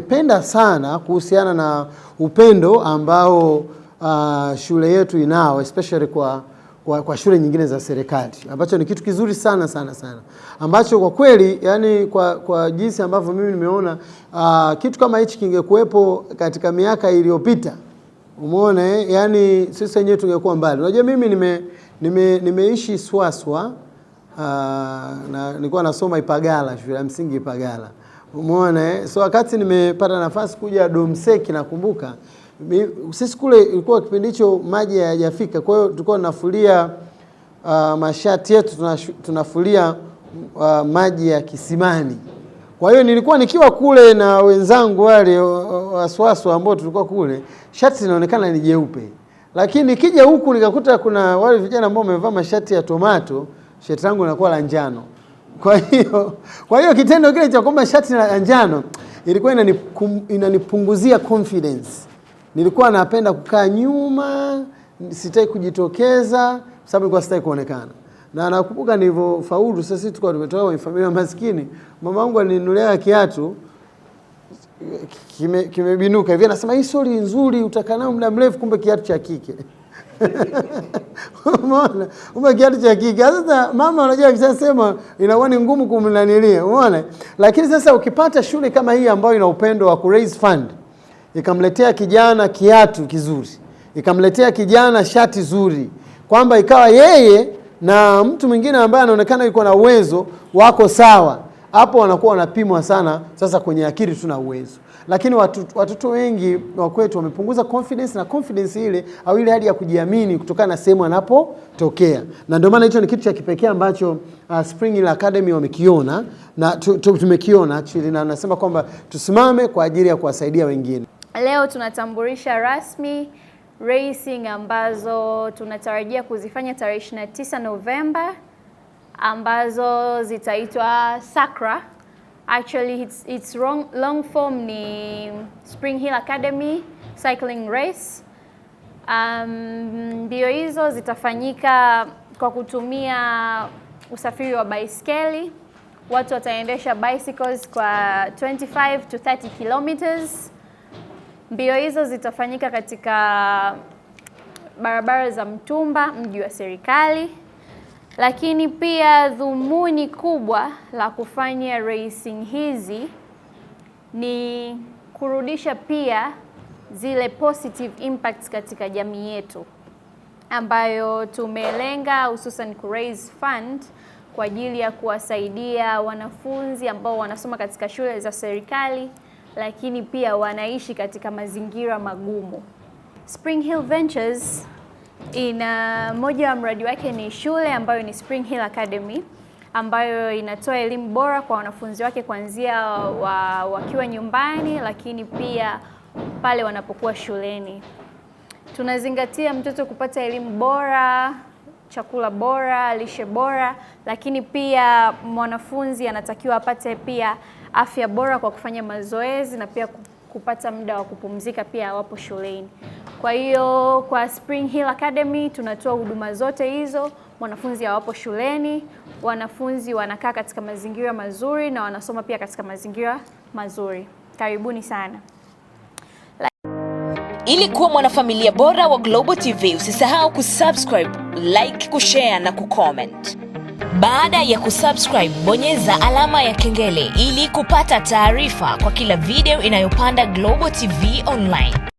Penda sana kuhusiana na upendo ambao uh, shule yetu inao especially kwa, kwa, kwa shule nyingine za serikali ambacho ni kitu kizuri sana sana sana ambacho kwa kweli yani kwa, kwa jinsi ambavyo mimi nimeona uh, kitu kama hichi kingekuwepo katika miaka iliyopita umeona eh, yani sisi wenyewe tungekuwa mbali. Unajua mimi nime, nime, nimeishi Swaswa uh, na nilikuwa nasoma Ipagala shule ya msingi Ipagala Umeona eh? So wakati nimepata nafasi kuja Domseki nakumbuka sisi kule ilikuwa kipindi hicho maji hayajafika, kwa hiyo tulikuwa tunafulia uh, mashati yetu tunafulia uh, maji ya kisimani. Kwa hiyo nilikuwa nikiwa kule na wenzangu wale waswaso ambao tulikuwa kule, shati zinaonekana ni jeupe, lakini kija huku nikakuta kuna wale vijana ambao wamevaa mashati ya tomato, shati langu linakuwa la njano. Kwa hiyo kwa hiyo kitendo kile cha kwamba shati la njano ilikuwa inanipunguzia confidence. Nilikuwa napenda kukaa nyuma, sitaki kujitokeza, sababu nilikuwa sitaki kuonekana. Na nakumbuka nilivyofaulu, sasa sisi tulikuwa tumetoka kwenye familia maskini, mama yangu alininunulia kiatu kimebinuka kime hivi, anasema hii soli nzuri, utakaa nayo muda mrefu, kumbe kiatu cha kike. Umeona? Ume kiatu cha kike. Sasa mama unajua akishasema inakuwa ni ngumu kumlanilia. Umeona? Lakini sasa ukipata shule kama hii ambayo ina upendo wa raise fund ikamletea kijana kiatu kizuri, ikamletea kijana shati zuri, kwamba ikawa yeye na mtu mwingine ambaye anaonekana yuko na uwezo wako sawa hapo wanakuwa wanapimwa sana sasa kwenye akili tuna uwezo, lakini watoto wengi wa kwetu wamepunguza confidence na confidence ile au ile hali ya kujiamini kutokana na sehemu anapotokea, na ndio maana hicho ni kitu cha kipekee ambacho uh, Spring Hill Academy wamekiona na tumekiona actually, na nasema kwamba tusimame kwa ajili ya kuwasaidia wengine. Leo tunatambulisha rasmi racing ambazo tunatarajia kuzifanya tarehe 29 Novemba ambazo zitaitwa SACRA. Actually it's, it's wrong, long form ni Spring Hill Academy Cycling Race. Mbio um, hizo zitafanyika kwa kutumia usafiri wa baiskeli. Watu wataendesha bicycles kwa 25 to 30 kilometers. Mbio hizo zitafanyika katika barabara za Mtumba, mji wa serikali. Lakini pia dhumuni kubwa la kufanya racing hizi ni kurudisha pia zile positive impacts katika jamii yetu ambayo tumelenga hususan ku raise fund kwa ajili ya kuwasaidia wanafunzi ambao wanasoma katika shule za serikali lakini pia wanaishi katika mazingira magumu. Spring Hill Ventures ina moja wa mradi wake ni shule ambayo ni Spring Hill Academy ambayo inatoa elimu bora kwa wanafunzi wake kuanzia wa, wakiwa nyumbani, lakini pia pale wanapokuwa shuleni. Tunazingatia mtoto kupata elimu bora, chakula bora, lishe bora, lakini pia mwanafunzi anatakiwa apate pia afya bora kwa kufanya mazoezi na pia kupata muda wa kupumzika pia wapo shuleni. Kwa hiyo kwa Spring Hill Academy tunatoa huduma zote hizo. Wanafunzi hawapo shuleni, wanafunzi wanakaa katika mazingira mazuri na wanasoma pia katika mazingira mazuri. Karibuni sana. Ili kuwa mwanafamilia bora wa Global TV, usisahau kusubscribe, like, kushare na kucomment. Baada ya kusubscribe, bonyeza alama ya kengele ili kupata taarifa kwa kila video inayopanda Global TV Online.